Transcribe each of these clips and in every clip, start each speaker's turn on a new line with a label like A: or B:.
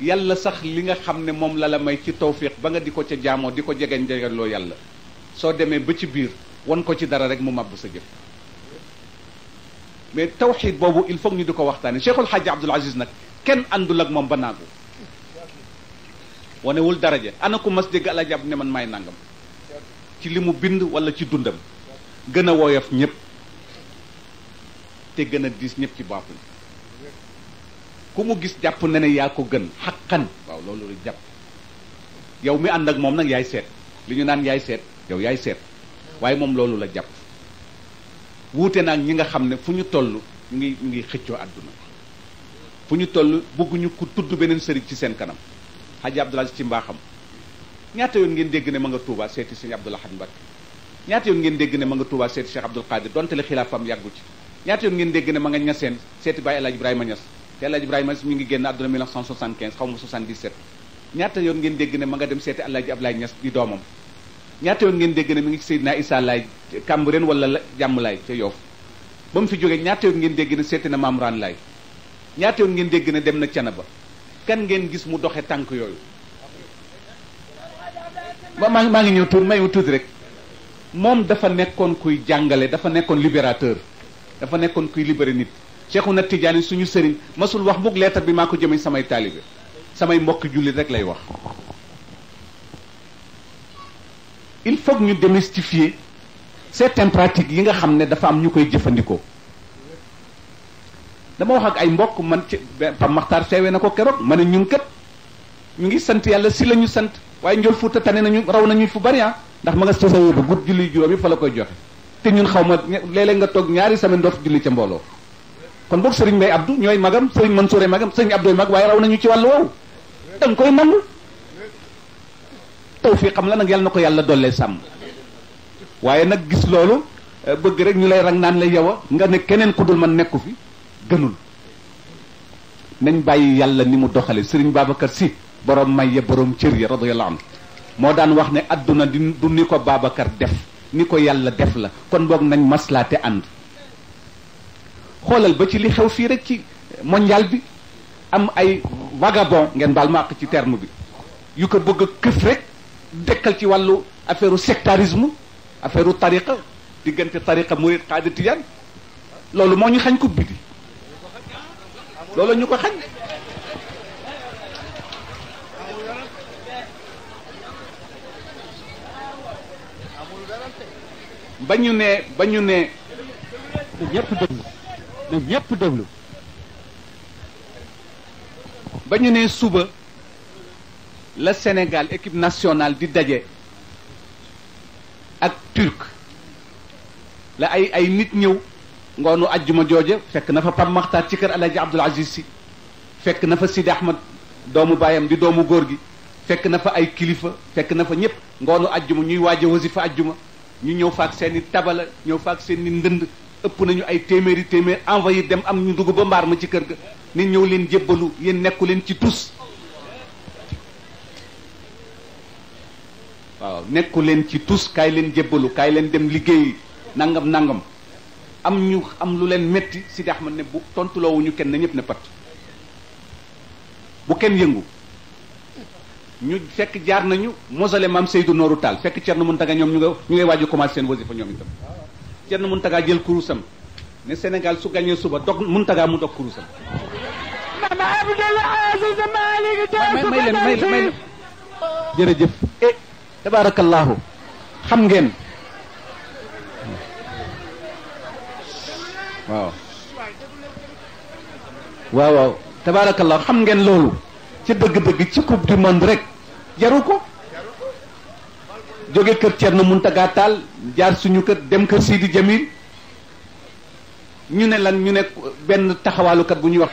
A: yàlla sax li nga xamne mom la la may ci tawfiq ba nga diko ci jamo diko jegeñ jegeñ lo yàlla so deme ba ci bir won ko ci dara rek mu mabbu sa jëf mais tawhid bobu il faut ñu diko waxtane cheikhul xaaji abdul aziz nak ken àndul ak mom banago woné wul daraja ana ku masjid dégg alaaji ab ne man may nangam ci limu bind wala ci dundam gëna woyof ñep te gëna dis ñep ci baaxul ku mu gis jàpp na ne yaa ko gën xaqan waaw loolu jàpp yow mi ànd ak moom nag yaay seet li ñu naan yaay seet yow yaay seet waaye moom loolu la jàpp wuute naag ñi nga xam ne fu ñu toll ñu ngi ngi xëccoo àdduna fu ñu toll bëgguñu ku tudd beneen sëriñ ci seen kanam xaji Abdul Aziz ci mbaaxam ñaata yoon ngeen dégg ne ma nga Touba seeti sëñ Abdul Ahad Mbacké ñaata yoon ngeen dégg ne ma nga Touba seeti Cheikh Abdul Qadir donte yàggu ci ñaata yoon ngeen ne ma nga ñaseen seeti Baye El Hadj Ibrahima te El Hadj mu Niass mi ngi génn àdduna 1975 xaw ma 77 ñaata yoon ngeen dégg ne ma nga dem seeti El Hadj Abdoulaye Niass di doomam ñaata yoon ngeen dégg ne mi ngi ci Seydina Issa Laye Cambérène wala jàmm laay ca Yoff ba mu fi jógee ñaata yoon ngeen dégg ne seeti na Mame Rane Laye ñaata yoon ngeen dégg ne dem na Thiénaba kan ngeen gis mu doxe tànk yooyu maa ngi maa ngi ñëw tuuti mayu tuuti rek moom dafa nekkoon kuy jàngale dafa nekkoon libérateur dafa nekkoon kuy libéré nit Cheikhuna Tidiane suñu sëriñ masul wax mukk leetar bi maa ko jëmee samay taalibe samay mbokki jullit rek lay wax il faut ñu démystifier certaines pratiques yi nga xam ne dafa am ñu koy jëfandikoo dama wax ak ay mbokk man ci Pape Makhtar seewee na ko keroog ma ne ñun kat ñu ngi sant yàlla si la ñu sant waaye njol fuuta tane nañu raw nañu fu bari ah, ndax ma nga sosawee ba gudd julli juróom yi fa la koy joxe te ñun xaw ma léeg-léeg nga toog ñaari semaine dootu julli ca mbooloo kon boog sëriñ Mbaye Abdou ñooy magam Serigne Mansour magam Serigne Abdou mag waaye raw nañu ci wàllu woowu dañ koy la nag yàlla na ko yàlla dollee sàmm waaye nag gis loolu eh, bëgg rek ñu lay rang naan yow nga ne keneen ku dul man nekku fi gënul nañ bàyyi yàlla ni mu doxale Serigne Babacar Sy borom may ya borom cër ya radiyallahu anhu moo daan wax ne àdduna di du ni ko baabakar def ni ko yàlla def la kon boog nañ maslaate ànd xoolal ba ci li xew fii rek ci mondial bi am ay vagabond ngeen baal ma ci terme bi yu ko bëgg a këf rek dekkal ci wàllu affaire u sectarisme affaire u tariqa diggante tariqa murid xaadir tijaan loolu moo ñu xañ ko bidi loolu ñu ko xañ ba ñu ne ba ñu ne nag déglu ba ñu nee suba la Sénégal équipe nationale di daje ak turk la ay ay nit ñëw ngoonu àjjuma jooje fekk na fa Pape Makhtar ci kër Alaaji Abdoul Aziz Sy fekk na fa Sidi Ahmad doomu baayam di doomu góor gi fekk na fa ay kilifa fekk na fa ñëpp ngoonu ajjuma ñuy waaje wasifa ajjuma ñu ñëw faak seeni tabala ñëw faak seeni ndënd ëpp nañu ay téeméeri téeméer envoyé dem am ñu dugg ba mbaar ma ci kër ga ne ñëw leen jébbalu yéen nekku leen ci tus waaw nekku leen ci tus kaay leen jébbalu kaay leen dem liggéey nangam nangam am ñu am lu leen metti Sidi Ahmed ne bu tontuloowuñu kenn na ñëpp ne pat bu kenn yëngu ñu fekk jaar nañu mosole maam Nooru Taal fekk Thierno Mountaga ñoom ñu nga ñu ngay waaju commencé seen wasifa ñoom itam Thierno Mountaga jël kurusam ne Sénégal su gagné suba dog Mountaga mu dog kurusam. Mama Abdoul Aziz Malick may leen may eh, xam ngeen. waaw waaw waaw xam ngeen loolu ci dëgg-dëgg ci coupe du monde rek jaru jóge kër Thierno Mountaga Tall jaar suñu kër dem kër sii di Jamil ñu ne la ñu ne benn taxawaalukat bu ñuy wax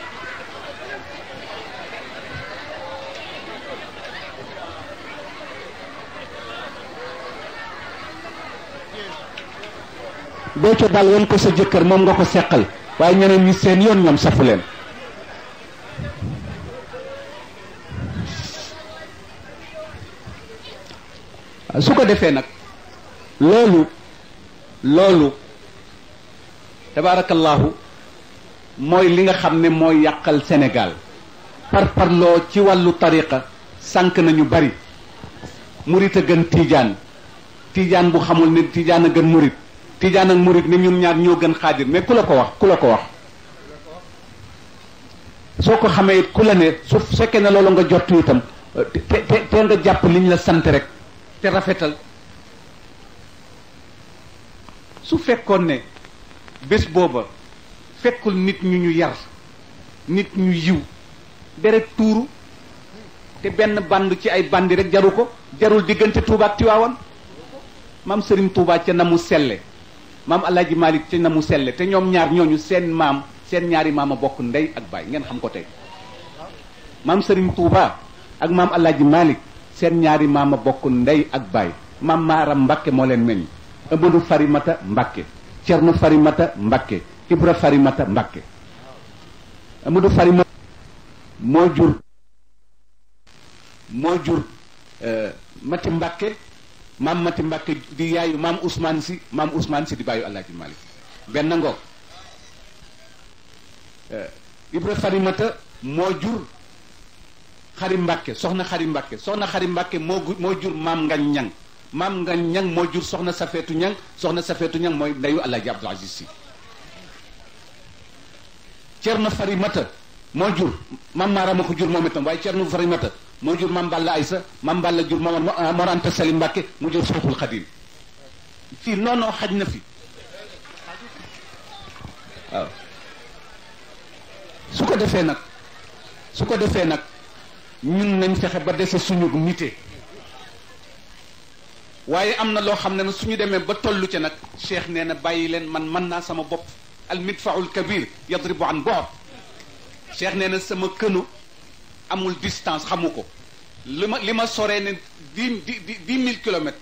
A: boo co daal woon ko sa jëkkër moom nga ko seqal waaye ñeneen ñi seen yoon ñoom safu leen su ko defee nag loolu loolu tabaarakallaahu mooy li nga xam ne mooy yàqal Sénégal par parloo ci wàllu tariqa sànq ñu bari murit a gën tiijaan tiijaan bu xamul ne tiijaan a gën murit tiijaan ak murit ne ñun ñaar ñoo gën xaadir mais ku la ko wax ku la ko wax soo ko xamee ku la ne su fekkee ne loolu nga jot itam te te te nga jàpp liñ la sant rek te rafetal su fekkoon ne bés booba fekkul nit ñu ñu yar nit ñu yiw deret tuuru te benn band ci ay bandi rek jaru ko jarul diggante Touba ak Tiwaawan maam Serigne Touba ca na mu selle maam Alaaji Malick ca na mu selle te ñoom ñaar ñooñu seen maam seen ñaari maam a bokk ndey ak baay ngeen xam ko tey maam Serigne Touba ak maam Alaaji Malick sen ñaari mama bokku ndey ak bay mam maaram mbàkke moo leen meñ ëmbanu farimata mbacke cernu farimata mbacke ibra farimata mbacke amadou farimata mo jur mo jur euh, mati mbacke mam mati mbacke di yaayu mam ousmane si mam ousmane si di bayu alaaji malik ngo euh ibra farimata mo jur xari mbacke soxna xari mbacke soxna xari mbacke mo moo jur mam ngañ ñang mam ngañ ñang mo jur soxna safeetu ñang soxna safeetu ñang dayu allah alaaji aziz cerno farimata mo jur mam mara mako jur momitam way cerno farimata mo jur mam balla aïssa mam balla jur mamar morante ah, salim mbacke mo jur soxul khadim fi nono xajna fi suka su ko defee su ñun nañ fexe ba dese suñu nite waaye am na loo xam ne na suñu demee ba tollu ca nag cheikh nee na bàyyi leen man mën naa sama bopp al midfaul kabir yadribu an boor cheikh nee na sama kënu amul distance xamu ko li ma li ma soree ne dix dix mille kilomètres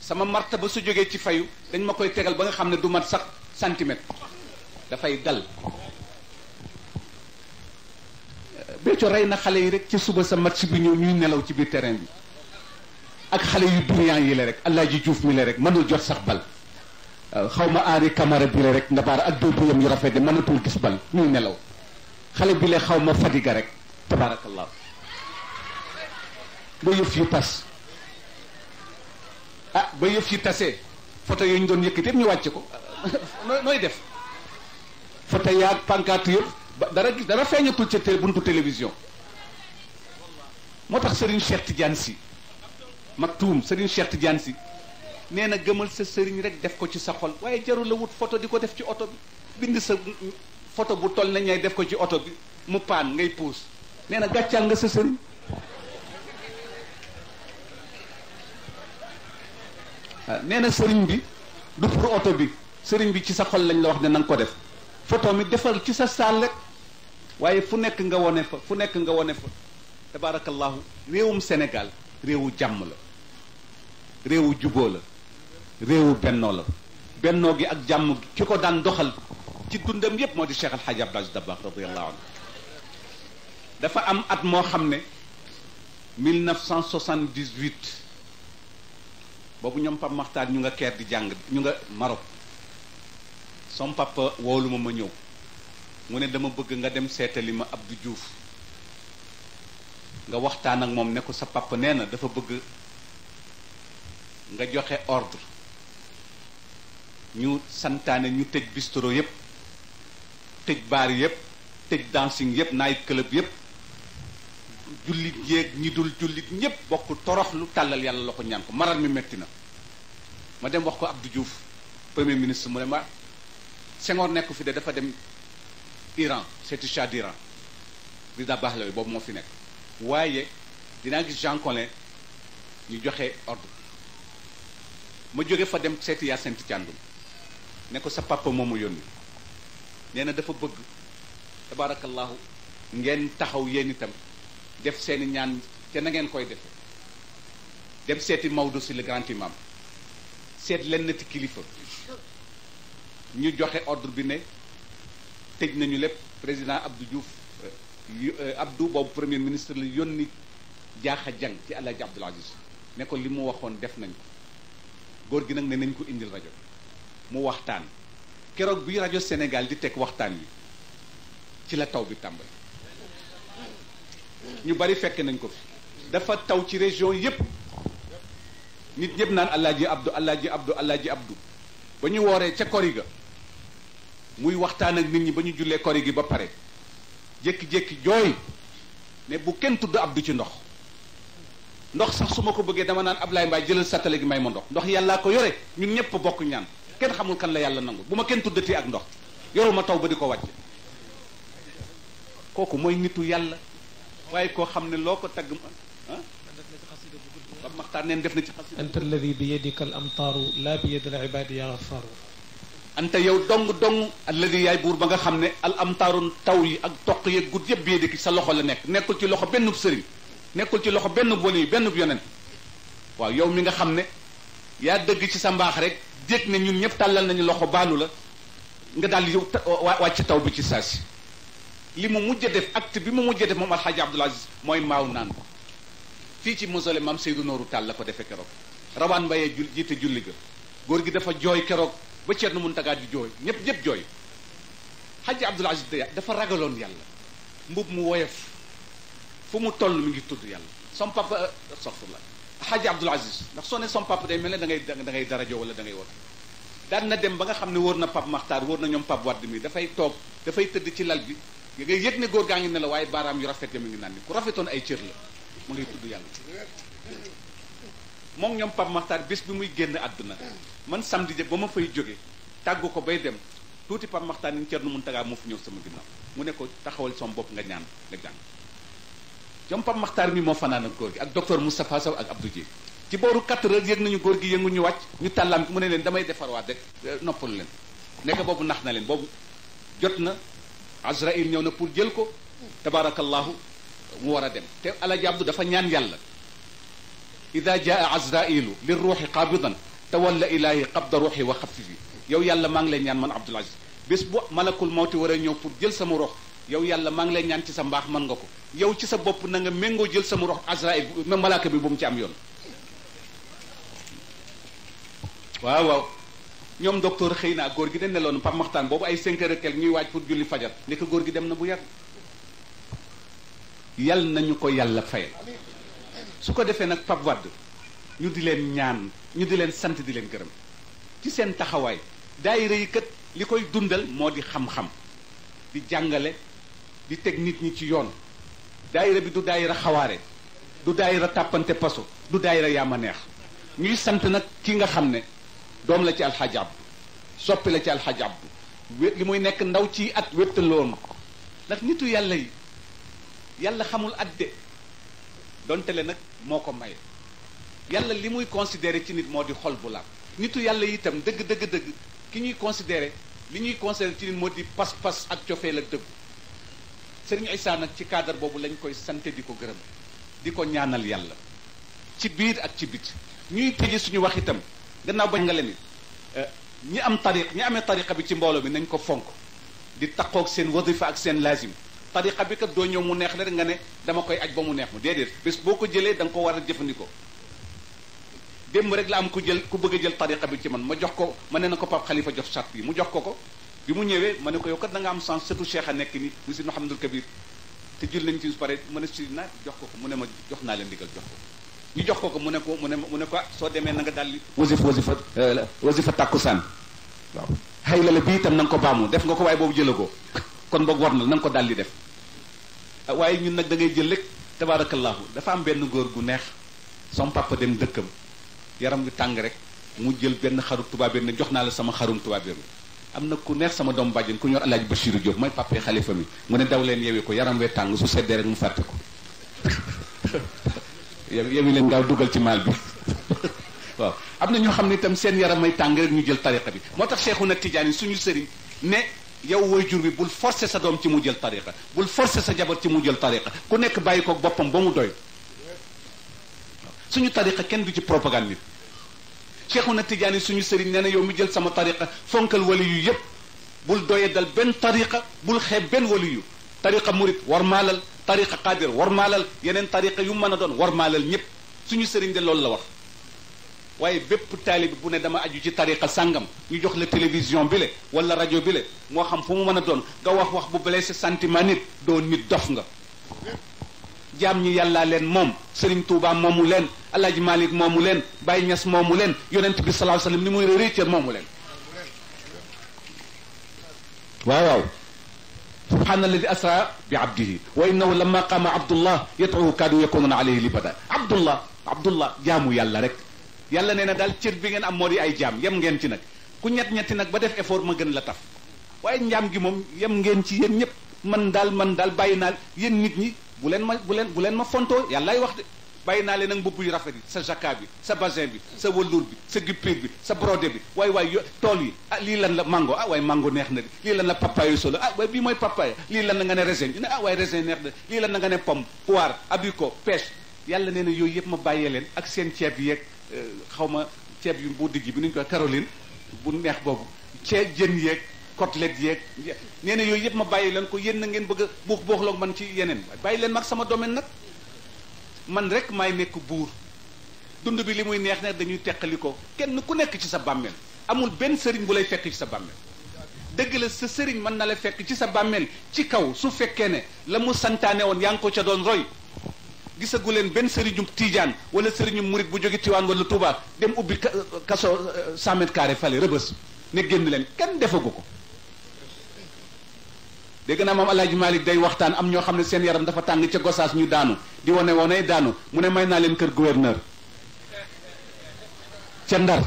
A: sama martaba su jógee ci fayu dañ ma koy tegal ba nga xam ne du mat sax centimètre dafay dal bëccu ray na xale yi rek ci suba sa match bi ñu ñuy nelaw ci biir terrain bi ak xale yu brillant yi la rek allah ji Juuf mi la rek mënul jot sax bal xawma ari camara bi la rek ndabar ak doo buyam yu rafet di mënatul gis bal ñuy nelaw xale bi la xawma ma fadiga rek tabaarakallah ba yëf yu tass ah ba yëf yu tassé photo yu ñu doon yëkëte ñu wàcc ko noy def photo yaak pancarte yëpp dara gis dara feeñatul ca te buntu télévision moo tax Serigne Cheikh Tidiane si Maktoum Serigne Cheikh Tidiane Sy nee na gëmal sa sëriñ rek def ko ci sa xol waaye jarul la wut photo di ko def ci oto bi bind sa photo bu toll na ñay def ko ci oto bi mu paan ngay puus nee na gàccaal nga sa sëriñ ah, nee na sëriñ bi du pour oto bi sëriñ bi ci sa xol lañ la wax ne na ko def photo mi defal ci sa saal rek waaye fu nekk nga wone fa fu nekk nga wone fa tabaarakallaahu réewum senegal réewu jàmm la réewu juboo la réewu bennoo la bennoo gi ak jàmm ki ko daan doxal ci dundam yépp moo di Cheikh Al Hadj Abdoulaye Dabakh radiyallahu dafa am at moo xam ne 1978 boobu ñoom Pape Makhtar ñu nga keer di jàng ñu nga Maroc som papa woolu ma ma mu ne dama bëgg nga dem seetali ma Abdou Diouf nga waxtaan ak moom ne ko sa papa nee na dafa bëgg nga joxe ordre ñu santaane ñu tëj bistro yépp tëj baar yépp tëj dancing yépp night club yépp jullit yeeg ñi dul jullit ñépp bokk torox lu tàllal yàlla loxo ñaan ko maral mi metti na ma dem wax ko Abdou Diouf premier ministre mu ne ma sengor nekk fi de dafa dem Iran c'est-à-dire d'Iran di dabaax looyu boobu moo fi nekk waaye dinaa gis Jean Collin ñu joxe ordre ma jóge fa dem seeti Yacine Thiandoum ne ko sa papa moomu yónni nee dafa bëgg tabarakallahu ngeen taxaw yéen itam def seeni ñaan te na ngeen koy defe dem seeti Maodo si le grand imam seet lenn ti kilifa ñu joxe ordre bi ne tëj nañu lépp président Abdou Diouf euh, euh, Abdou boobu premier ministre la yónni jaaxa jang ci El Hadj Abdoul Aziz ne ko li mu waxoon def nañ ko góor gi nag ne nañ ko indil rajo mu waxtaan keroog bi rajo Sénégal di teg waxtaan wi ci la taw bi tàmbali ñu bari fekk nañ ko fi dafa taw ci région yépp nit ñëpp naan ji abdu ji abdu alaaji abdu ba ñu wooree ca kori muy waxtaan ak nit ñi ba ñu jullee kori gi ba pare jékki-jékki jooy ne bu kenn tudd ab du ci ndox ndox sax su ma ko bëggee dama naan Ablaye Mbaye jëlal satale gi may ma ndox ndox yàllaa ko yore ñun ñëpp bokk ñaan kenn xamul kan la yàlla nangu bu ma kenn tuddatee ak ndox ma taw ba di ko wàcc kooku mooy nitu yàlla waaye koo xam ne loo ko tagg ba ah? maxtaan neen def na ci xasida anta alladi bi yadika al amtaaru la bi yadi al ibaadi ya gaffaaru anta yow dong dong alladi yaay buur ba nga xam ne al amtaaru taw yi ak toq yeeg gud yëpp biyee dikki sa loxo la nekk nekkul ci loxo benn sëriñ nekkul ci loxo benn yi bennu yonent waaw yow mi nga xam ne yaa dëgg ci sa mbaax rek dégg ne ñun ñëpp tàllal nañu loxo baalu la nga daal yow wàcc taw bi ci saa si li mu mujj def acte bi mu mujj def moom alxaaji Abdul Aziz mooy maaw naan ko fii ci mausolée maam Seydou Nooru Tall la ko defee keroog rawaan mbayee jul góor gi dafa jooy keroog ba na Ceerno Muntaga ji jooy ñëpp ñëpp jooy Xaji Abdul Aziz dafa ragaloon yàlla mbub mu woyof fu mu toll mi ngi tudd yàlla son papa soxla Xaji Abdul Aziz ndax soo ne son papa day mel ne da ngay da ngay darajo wala da ngay wat na dem ba nga xam ne wóor na Pape Maxtaar wóor na ñoom Pape Wade mii dafay toog dafay tëdd ci lal bi nga ngay yëg ne góor gaa ngi ne la waaye baaraam yu rafet ya mu ngi naan ni ku rafetoon ay cër la mu ngay tudd yàlla moom ñoom Pape Makhtar bés bi muy génn àdduna man samdi jë ba ma fay jóge tàgg ko bay dem tuuti Pape Makhtar ni Thierno Mountaga moo fi ñëw sama ginnaaw mu ne ko taxawal sama bopp nga ñaan nga jàng ñoom Pape Makhtar mi moo fanaan ak góor gi ak docteur Moustapha Sow ak Abdou Dieng ci booru 4 heures yëg nañu góor gi yëngu ñu wàcc ñu tàllam mu ne leen damay defarwaat rek euh, noppalu leen nekk boobu nax na leen boobu jot na Azraïl ñëw na pour jël ko tabaarakallahu mu war a dem te Alaaji Abdu dafa ñaan yàlla ida jaa azrailu li ruuxi qaabidan tawalla ilaahi qabda ruuxi wa xafifi yow yàlla maa ngi lay ñaan man abdul aziz bés bu malakul mawti war a ñëw pour jël sama rox yow yàlla maa ngi lay ñaan ci sa mbaax mën nga ko yow ci sa bopp na nga méngoo jël sama rox azrail même malaaka bi bu mu ci am yoon waaw waaw ñoom docteur xëy naa góor gi dañ ne loon Pape Maxtaan boobu ay 5 heures kel ñuy waaj pour julli fajar ne ko góor gi dem na bu yàgg yal nañu ko yàlla fayal su ko defee nag Pape ñu di leen ñaan ñu di leen sant di leen gërëm ci seen taxawaay daayira yi kat li koy dundal moo di xam-xam di jàngale di teg nit ñi ci yoon daayira bi du daayira xawaare du daayira tàppante paso du daayira yaama neex ñuy sant nag ki nga xam ne doom la ci alxaaji Abdu soppi la ci alxaaji Abdu li muy nekk ndaw ci at wéttaloon ndax nitu yàlla yi yàlla xamul at donte le nag moo ko maye yàlla li muy considéré ci nit moo di xol bu laab nitu yàlla itam dëgg dëgg dëgg ki ñuy considéré li ñuy considéré ci nit moo di pas-pas ak cofeel ak dëggu Serigne Issa ak ci cadre boobu lañ koy sante di ko gërëm di ko ñaanal yàlla ci biir ak ci bit ñuy tëje suñu wax itam gannaaw bañ nga leen euh, ñi am tariq ñi amee tariqa bi ci mbooloo bi nañ ko fonk di taqoog seen wadifa ak seen lazim tariqa bi kat doo ñëw mu neex la rek nga ne dama koy aj ba mu neex ma déedéet bés boo ko jëlee da nga ko war a jëfandikoo démb rek la am ku jël ku bëgg a jël tariqa bi ci man ma jox ko ma ne na ko Pape Khalifa jox sart yi mu jox ko ko bi mu ñëwee ma ne ko yow kat da nga am sens surtout cheikh a nekk ni mu si Mouhamadul Kabir te jël nañ ci pare ma ne si naa jox ko ko mu ne ma jox naa leen ndigal jox ko ñu jox ko ko mu ne ko mu ne ma mu ne ko ah, soo demee na nga daal di wasif wasifa euh, wasifa tàkkusaan waaw xëy la la bii itam na nga ko mu def nga ko waaye boobu jëla ko kon boog war na na nga ko daal di def ah, waaye ñun nag da ngay jël rek tabaarakallaahu dafa am benn góor gu neex som papa dem dëkkam yaram wi tàng rek mu jël benn xarum tubaabeer ne jox naa la sama xarum tubaabeer am na ku neex sama doom bàjj ku ñor Alaaji Bachiru Diop mooy papa yi xalifa mi mu ne daw leen yewi ko yaram wee tàng su seddee rek mu fàtte ko yewi leen gaaw dugal ci maal bi waaw am na ñoo xam ne itam seen yaram may tàng rek ñu jël tariqa bi moo tax Seexuna Tijaani suñu sëriñ ne yow jur bi bul forcer sa doom ci mu jël tariqa bul forcer sa jabar ci mu jël tariqa ku nekk bàyyi ko boppam ba mu doy suñu tariqa kenn du ci propagande nit na Tidiane suñu sëriñ nee na yow mi jël sama tariqa fonkal wali yu yépp bul doye dal benn tariqa bul xeeb benn wali yu tariqa murit war maalal tariqa qaadir war maalal yeneen tariqa yu mën a doon war maalal ñépp suñu sëriñ de loolu la wax waaye bépp taalibi bu ne dama aju ci tariqa sàngam ñu jox la télévision bi le wala rajo bi le moo xam fu mu mën a doon nga wax wax bu blessé sentiment nit doo nit dof nga jaam ñi yàllaa leen moom Serigne Touba moomu leen Alaaji Malik moomu leen Baye Niass moomu leen yonent bi salaahu sallam ni muy récër moomu leen waaw waaw subhana alladi asra bi abdihi wa innahu lamma qaama abdullah yadcuhu kaadu yakununa alayhi libada abdullah abdullah jaamu yàlla rek yàlla nee na daal cër bi ngeen am moo di ay jaam yem ngeen ci nag ku ñett ñetti nag ba def effort ma gën la taf waaye njaam gi moom yem ngeen ci yéen ñëpp man daal man daal bàyyi naa yéen nit ñi bu leen ma bu leen bu leen ma fontoo ay wax de bàyyi naa leen nag mbubb yu rafet yi sa jacquard bi sa bazin bi sa wëlluur bi sa guipure bi sa brodé bi waay waay yo tool yi ah lii lan la mango ah waay mango neex na de lii lan la papaye solo ah waay bii mooy papaye lii lan nga ne raisin bi ne ah waay raisin neex na lii lan la nga ne pomme poire abricot pêche yàlla nee na yooyu yëpp ma bàyyee leen ak seen ceeb yeeg Eh, xaw ma ceeb yu bu digg bi nuñ koy Caroline bu neex boobu ceeb jën yeeg côtelette yeeg nee yooyu yëpp ma bàyyi leen ko yéen na ngeen bëgg a buux buuxloog man ci yeneen bàyyi leen mag sama domaine nag man rek may nekk buur dund bi li muy neex ne dañuy teqali ko kenn ku nekk ci sa bàmmeel amul benn sëriñ bu lay fekk ci sa bàmmeel dëgg la sa sëriñ mën na la fekk ci sa bàmmeel ci kaw su fekkee ne la mu santaane woon yaa ngi ko ca doon roy gisagu leen benn sëriñu Tiijaan wala sëriñu murit bu jóge Tiwaan wala Touba dem ubbi kaso euh, cent mètres carrés fale rëbës ne génn leen kenn defagu ko dégg naa moom Alaaji Malik day waxtaan am ñoo xam ne seen yaram dafa tàng ca gosaas ñu daanu di wane wane daanu mu ne may naa leen kër gouverneur ca Ndar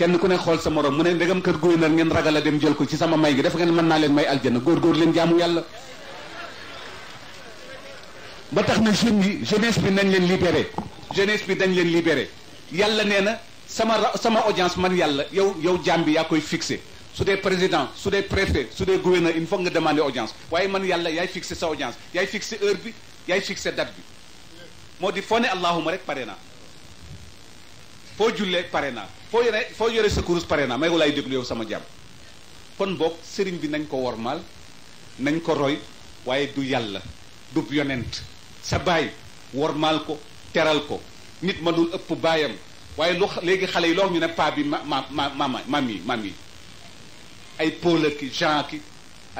A: kenn ku ne xool sa morom mu ne ndegam kër gouverneur ngeen ragal a dem jël ko ci sama may gi dafa ngeen mën naa leen may aljana góor góor leen jaamu yàlla ba tax na jeunes yi jeunesse bi nañ leen libéré jeunesse bi dañ leen libéré yàlla nee na sama sama audience man yàlla yow yow jambi bi yaa koy fixé su dee président su dee préfet su dee gouverneur il faut nga demander audience waaye man yàlla yaay fixé sa audience yaay fixé heure bi yaay fixé date bi moo di foo ne allahuma rek pare naa foo jullee pare naa foo yore foo yore sa kurus pare naa may walaay déglu yow sama jaam kon boog sëriñ bi nañ ko wormaal nañ ko roy waaye du yàlla du yonent sa baay wormaal ko teral ko nit mënul ëpp baayam waaye lu léegi xale yi loo ñu ne paa bi ma ma ma mama mami mami ay Paul ki Jean ki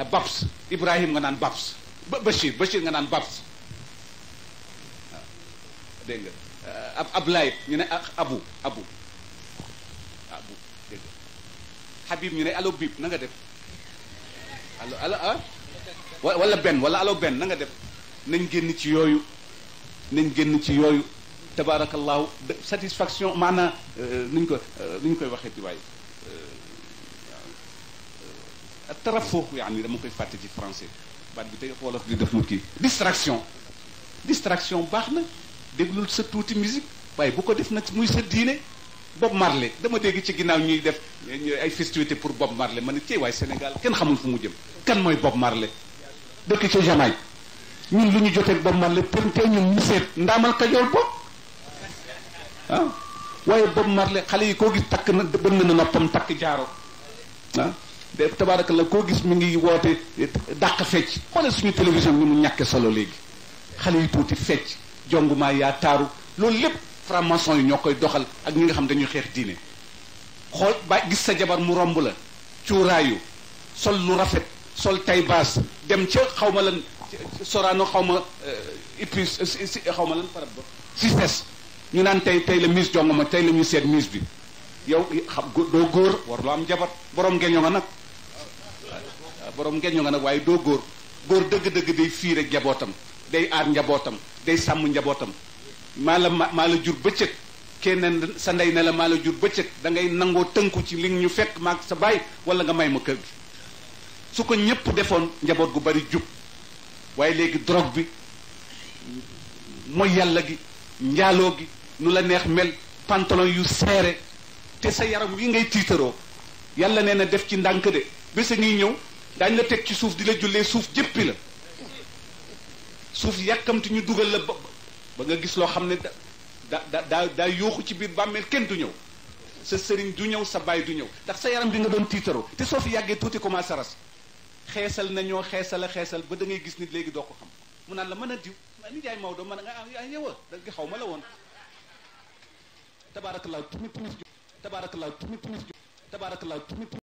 A: Babs Ibrahim nga naan Babs ba Bachir Bachir nga naan Babs waaw dégg nga euh, ab Ablaye ñu ne abu abu abu dégg nga Habib ñu ne allo bib na nga def allo allo ah wala benn wala allo benn na nga def. nañ génn ci yooyu nañ génn ci yooyu tabaarakallaahu satisfaction maanaam euh, nuñ ko euh, nuñ koy waxee ci waay euh, tarafoo yaa ni dama koy fàtte ci français baat bi tey wolof di def mu kii distraction distraction baax na déglul sa tuuti musique waaye bu ko def nag muy sa diine Bob Marley dama dégg ci ginnaaw ñuy def ay festivités pour Bob Marley ma ne ci waay Sénégal kenn xamul fu mu jëm kan mooy Bob Marley dëkk ca Jamaïque ñun lu ñu joteeg ba man la përntee ñun ñu seet ndaamal kajoor bopp ah waaye Bob Marley xale yi koo gis takk na bënn na noppam takk jaaro ah de tabaaraka la koo gis mu ngi woote dàq fecc xoolal suñu télévision ni mu ñàkke solo léegi xale yu tuuti fecc jongumaa yaa taaru loolu lépp franc-maçon yi ñoo koy doxal ak ñi nga xam dañuy xeex diine xool ba gis sa jabar mu romb la cuuraayu sol lu rafet sol tay dem ca xaw ma la Sorano xaw ma euh, ipus euh, xaw ma lan farab ba ñu naan tey tey la mise ma tey la ñu seet mise bi yow xam doo góor war loo am jabar boroom ngeño nga nag ah, borom ngeño nga nag waaye doo góor góor dëgg-dëgg day fiir ak njabootam day aar njabootam day sàmm njabootam maa la maa la jur bëccëg keneen sa ndey ne la maa la jur bëccëg da ngay nangoo tënku ci li ñu fekk maag sa baay wala nga may ma kër gi su ko ñépp defoon njaboot gu bari jub waaye léegi drogue bi mooy yàlla gi njaaloo gi nu la neex mel pantalon yu seere te sa yaram wi ngay tiitaroo yàlla nee na def ci ndànk de bés a ngi ñëw daañ la teg ci suuf di la jullee suuf jëppi la suuf yàkkamti ñu dugal la ba ba nga gis loo xam ne da da daa daa yooxu ci biir bàmmeel kenn du ñëw sa sëriñ du ñëw sa baay du ñëw ndax sa yaram bi nga doon tiitaroo te soo fi yàggee tuuti commencé ras xeesal nañoo xeesal a xeesal ba da ngay gis nit léegi doo ko xam mu naan la mën a diw ni jaay Maodo man nga ah yow da nga xaw ma la woon tabaarakallaa tumi tumi tabaarakallah tumi tumi tabaarakallah tumi